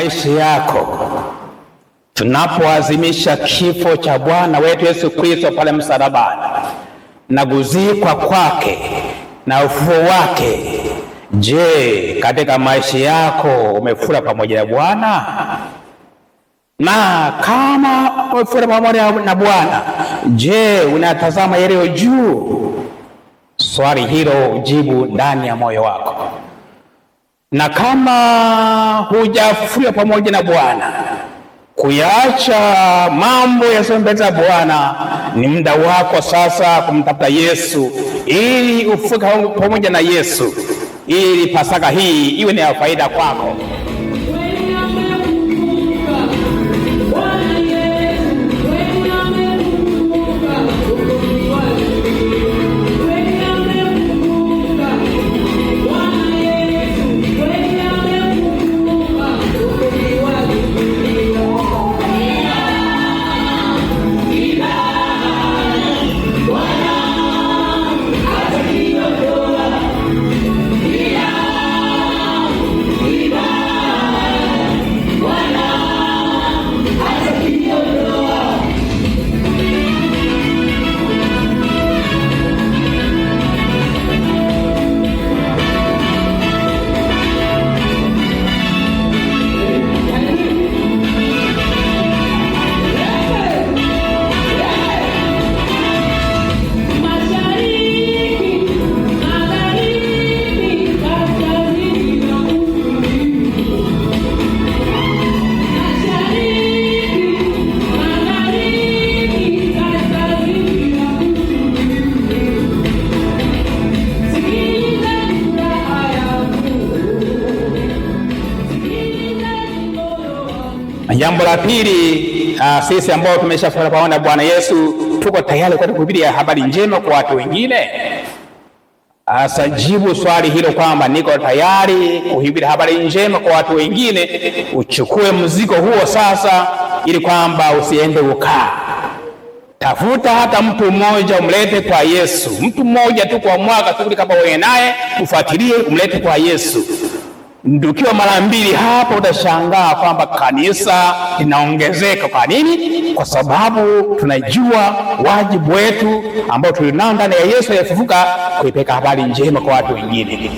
maisha yako. Tunapoazimisha kifo cha Bwana wetu Yesu Kristo pale msalabani na kuzikwa kwake na ufufuo wake, je, katika maisha yako umefura pamoja na Bwana? Na kama umefura pamoja na Bwana, je, unatazama yaliyo juu? Swali hilo jibu ndani ya moyo wako na kama hujafufuliwa pamoja na Bwana, kuyaacha mambo yasiyompendeza Bwana, ni muda wako sasa kumtafuta Yesu ili ufuke pamoja na Yesu, ili Pasaka hii iwe ni ya faida kwako. Jambo la pili, uh, sisi ambao tumeshafuata pamoja na Bwana Yesu tuko tayari kwenda kuhubiria habari njema kwa watu wengine? Hasa ah, jibu swali hilo kwamba niko tayari kuhubiri habari njema kwa watu wengine. Uchukue mzigo huo sasa, ili kwamba usiende ukaa. Tafuta hata mtu mmoja umlete kwa Yesu, mtu mmoja tu kwa mwaka, shughuli kama wewe naye ufuatilie, umlete kwa Yesu ndukiwa mara mbili hapa, utashangaa kwamba kanisa linaongezeka. Kwa nini? Kwa sababu tunajua wajibu wetu ambao tulinao ndani ya Yesu aliyefufuka, kuipeka habari njema kwa watu wengine.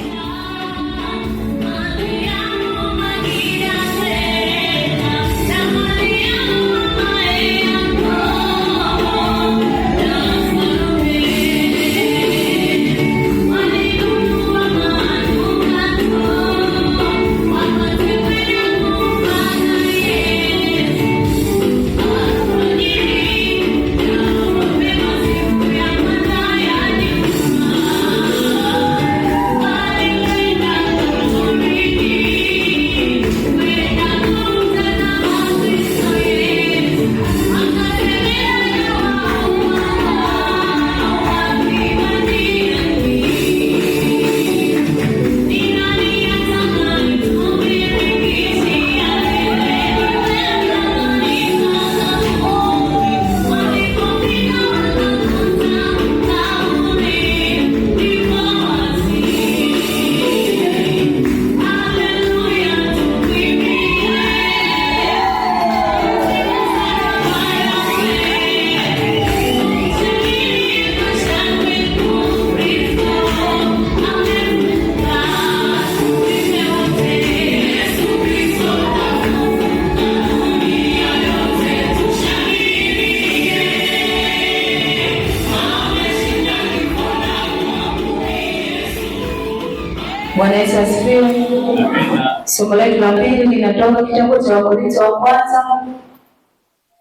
Somo letu la pili linatoka kitabu cha Wakorintho wa kwanza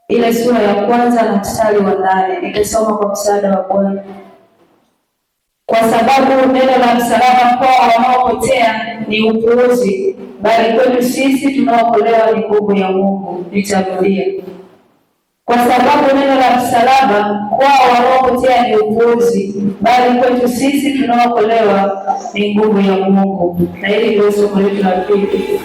ile sura ya kwanza na mstari wa nane. nikisoma kwa msaada wa Bwana. Kwa sababu neno la msalaba kwa wanaopotea ni upuuzi, bali kwetu sisi tunaokolewa ni nguvu ya Mungu. Nitarudia kwa sababu neno la msalaba kwao wanaopotea ni upuuzi, bali kwetu sisi tunaokolewa ni nguvu ya Mungu. Na hili ndio somo letu la pili.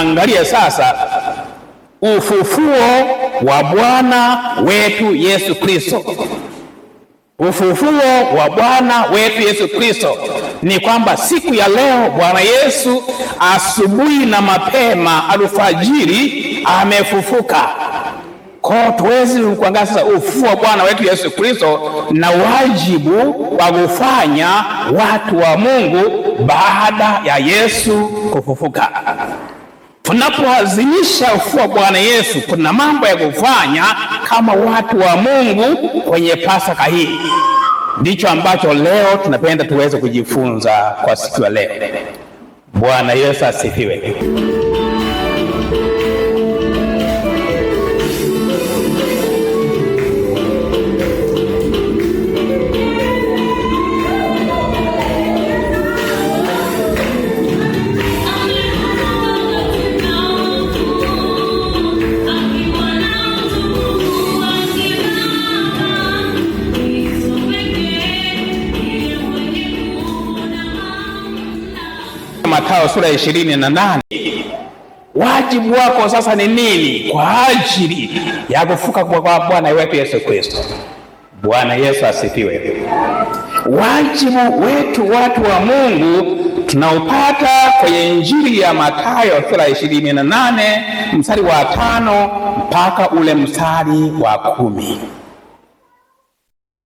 tunaangalia sasa ufufuo wa Bwana wetu Yesu Kristo. Ufufuo wa Bwana wetu Yesu Kristo ni kwamba siku ya leo Bwana Yesu asubuhi na mapema alfajiri amefufuka. Kwa tuwezi kuangalia sasa ufufuo wa Bwana wetu Yesu Kristo na wajibu wa kufanya watu wa Mungu baada ya Yesu kufufuka. Tunapoazimisha ufufuo Bwana Yesu, kuna mambo ya kufanya kama watu wa Mungu kwenye Pasaka hii. Ndicho ambacho leo tunapenda tuweze kujifunza kwa siku ya leo. Bwana Yesu asifiwe. sura ya ishirini na nane wajibu wako sasa ni nini kwa ajili ya kufuka kwa Bwana wetu Yesu Kristo? Bwana Yesu asifiwe. Wajibu wetu watu wa Mungu tunaopata kwenye Injili ya Mathayo sura ishirini na nane mstari wa tano mpaka ule mstari wa kumi.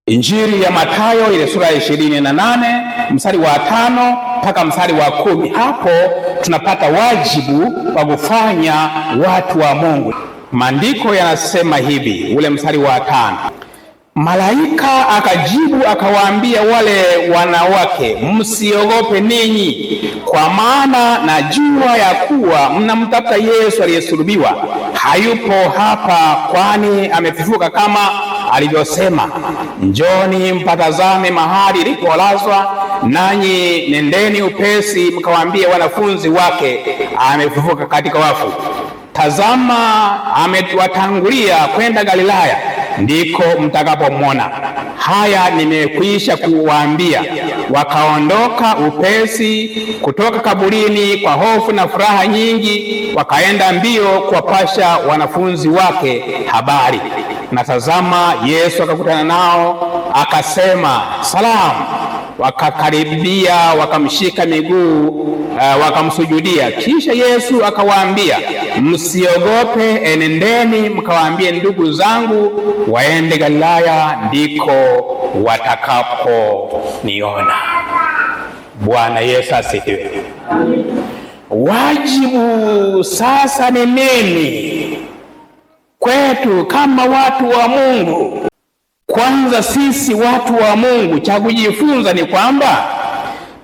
Injili ya Mathayo ile sura ya ishirini na nane mstari wa tano mpaka mstari wa kumi. Hapo tunapata wajibu wa kufanya watu wa Mungu. Maandiko yanasema hivi, ule mstari wa tano, malaika akajibu akawaambia wale wanawake, msiogope ninyi, kwa maana najua ya kuwa mnamtafuta Yesu aliyesulubiwa, hayupo hapa, kwani amefufuka kama alivyosema, njoni mpatazame mahali likolazwa, nanyi nendeni upesi mkawaambie wanafunzi wake, amefufuka katika wafu. Tazama, amewatangulia kwenda Galilaya, ndiko mtakapomwona. Haya nimekwisha kuwaambia. Wakaondoka upesi kutoka kaburini kwa hofu na furaha nyingi, wakaenda mbio kuwapasha wanafunzi wake habari na tazama, Yesu akakutana nao akasema salamu. Wakakaribia wakamshika miguu, uh, wakamsujudia. Kisha Yesu akawaambia, msiogope, enendeni mkawaambie ndugu zangu waende Galilaya, ndiko watakaponiona. Bwana Yesu asifiwe. Wajibu sasa ni nini? kwetu kama watu wa Mungu. Kwanza sisi watu wa Mungu, cha kujifunza ni kwamba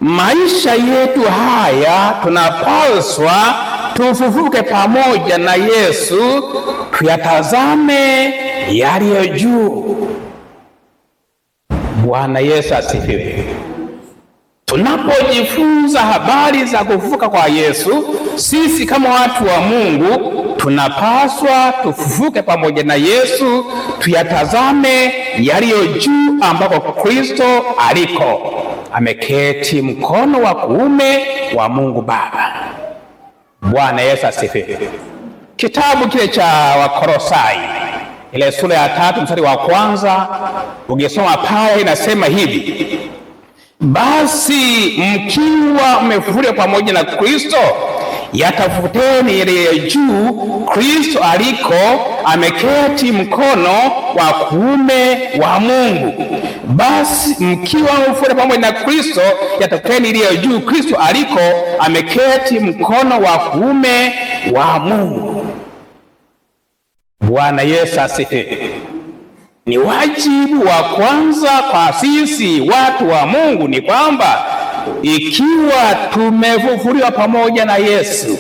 maisha yetu haya tunapaswa tufufuke pamoja na Yesu, tuyatazame yaliyo juu. Bwana Yesu asifiwe. Tunapojifunza habari za kufufuka kwa Yesu, sisi kama watu wa Mungu tunapaswa tufufuke pamoja na Yesu, tuyatazame yaliyo juu ambako Kristo aliko ameketi mkono wa kuume wa Mungu Baba. Bwana Yesu asifiwe. Kitabu kile cha Wakolosai ile sura ya tatu mstari wa kwanza ukisoma pale inasema hivi: basi mkiwa mmefufuliwa pamoja na Kristo yatafuteni yale ya juu, Kristo aliko ameketi mkono wa kuume wa Mungu. Basi mkiwa mfure pamoja na Kristo, yatafuteni ile ya juu, Kristo aliko ameketi mkono wa kuume wa Mungu. Bwana Yesu asifiwe. Ni wajibu wa kwanza kwa sisi watu wa Mungu ni kwamba ikiwa tumefufuliwa pamoja na Yesu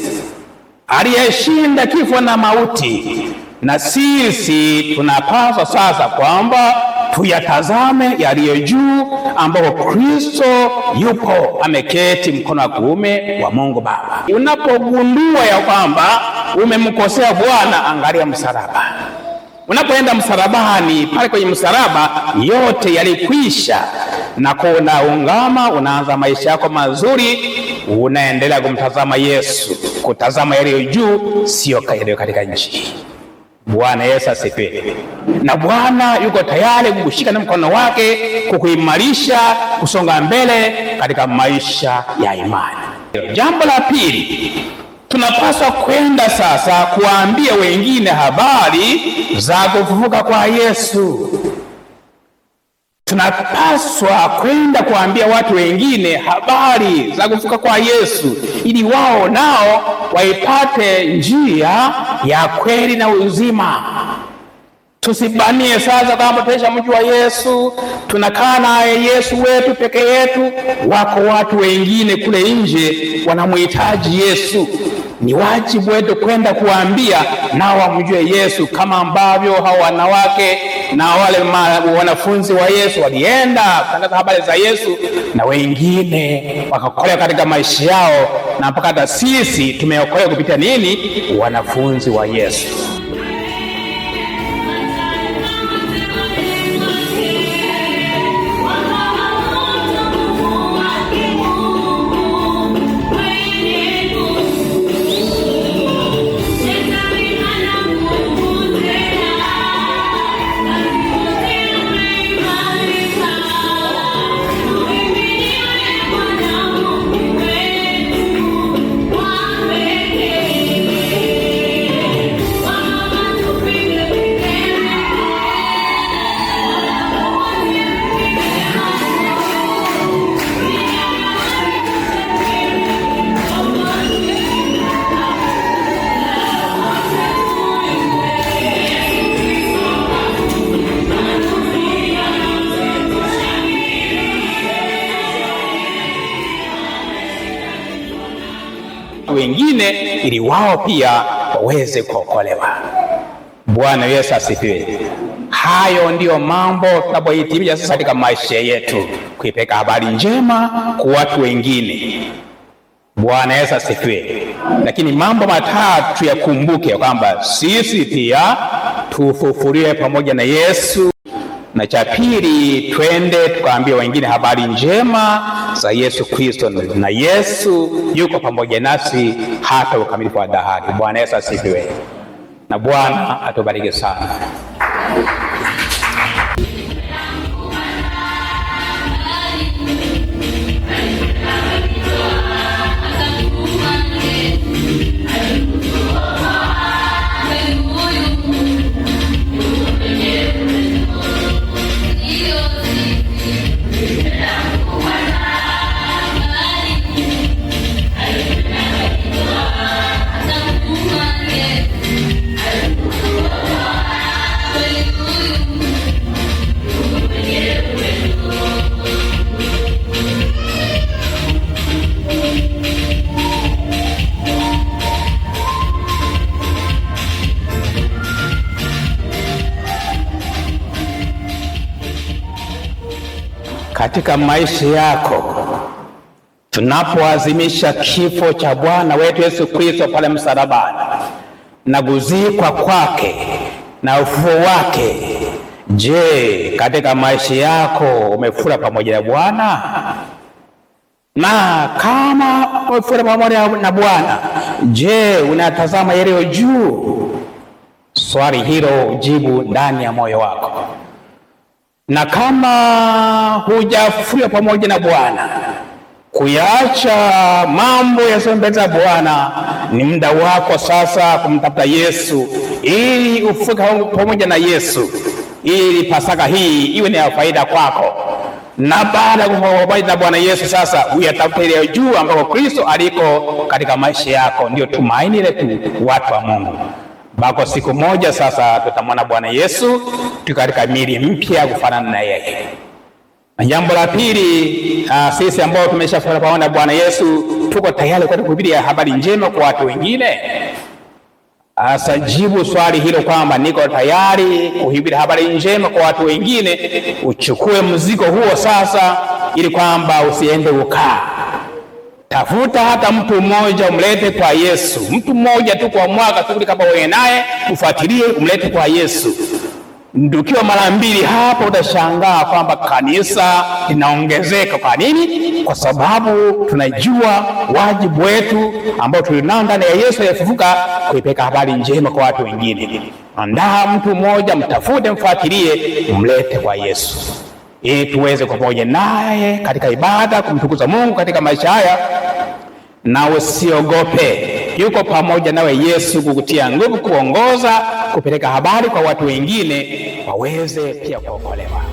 aliyeshinda kifo na mauti, na sisi tunapaswa sasa kwamba tuyatazame yaliyo juu, ambapo Kristo yupo ameketi mkono wa kuume wa Mungu Baba. Unapogundua ya kwamba umemkosea Bwana, angalia msalaba. Unapoenda msalabani, pale kwenye msalaba yote yalikwisha kwa unaungama, unaanza maisha yako mazuri, unaendelea kumtazama Yesu, kutazama yaliyo juu, sio yaliyo katika nchi. Bwana Yesu asifiwe. Na Bwana yuko tayari kukushika na mkono wake kukuimarisha kusonga mbele katika maisha ya imani. Jambo la pili, tunapaswa kwenda sasa kuwaambia wengine habari za kufufuka kwa Yesu tunapaswa kwenda kuambia watu wengine habari za kufuka kwa Yesu ili wao nao waipate njia ya kweli na uzima. Tusibanie sasa kwamba tesha mji wa Yesu, tunakaa naye Yesu wetu peke yetu. Wako watu wengine kule nje wanamhitaji Yesu ni wajibu wetu kwenda kuwaambia nao wamjue Yesu, kama ambavyo hao wanawake na wale wanafunzi wa Yesu walienda kutangaza habari za Yesu na wengine wakakolea katika maisha yao, na mpaka hata sisi tumeokolewa kupitia nini? Wanafunzi wa Yesu. pia waweze kuokolewa. Bwana Yesu asifiwe. Hayo ndiyo mambo tunapohitimisha sasa katika maisha yetu, kuipeka habari njema kwa watu wengine. Bwana Yesu asifiwe. Lakini mambo matatu yakumbuke, kwamba sisi pia tufufuliwe pamoja na Yesu na cha pili, twende tukaambie wengine habari njema za Yesu Kristo, na Yesu yuko pamoja nasi hata ukamilifu wa dhahari Bwana Yesu asifiwe, na Bwana atubariki sana. katika maisha yako. Tunapoazimisha kifo cha Bwana wetu Yesu Kristo pale msalabani na kuzikwa kwake na ufufuo wake, je, katika maisha yako umefura pamoja na Bwana? Na kama umefura pamoja na Bwana, je, unatazama yaliyo juu? Swali hilo jibu ndani ya moyo wako na kama hujafuya pamoja na Bwana, kuyaacha mambo yasiyompendeza Bwana, ni muda wako sasa kumtafuta Yesu ili ufuke pamoja na Yesu, ili Pasaka hii iwe ni ya faida kwako. Na baada ya kufufuka pamoja na Bwana Yesu, sasa uyatafute ile juu ambako Kristo aliko katika maisha yako, ndiyo tumaini letu, watu wa Mungu ambako siku moja sasa tutamwona Bwana Yesu tuko katika miili mpya kufanana na yeye. Na jambo la pili, uh, sisi ambao tumeshafika pamoja na Bwana Yesu tuko tayari kwenda kuhubiria habari njema kwa watu wengine. Asa jibu swali hilo kwamba niko tayari kuhubiri habari njema kwa watu wengine. Uchukue mzigo huo sasa, ili kwamba usiende ukaa Tafuta hata mtu mmoja umlete kwa Yesu, mtu mmoja tu kwa mwaka, shughuli kama wewe naye ufuatilie, umlete kwa Yesu. Ndukiwa mara mbili, hapo utashangaa kwamba kanisa linaongezeka. Kwa nini? Kwa sababu tunajua wajibu wetu ambao tulinao ndani ya Yesu aliyefufuka, kuipeka habari njema kwa watu wengine. Andaa mtu mmoja, mtafute, mfuatilie, mlete kwa Yesu ili tuweze kwa pamoja naye katika ibada kumtukuza Mungu katika maisha haya. Na usiogope, yuko pamoja nawe Yesu kukutia nguvu, kuongoza, kupeleka habari kwa watu wengine waweze pia kuokolewa.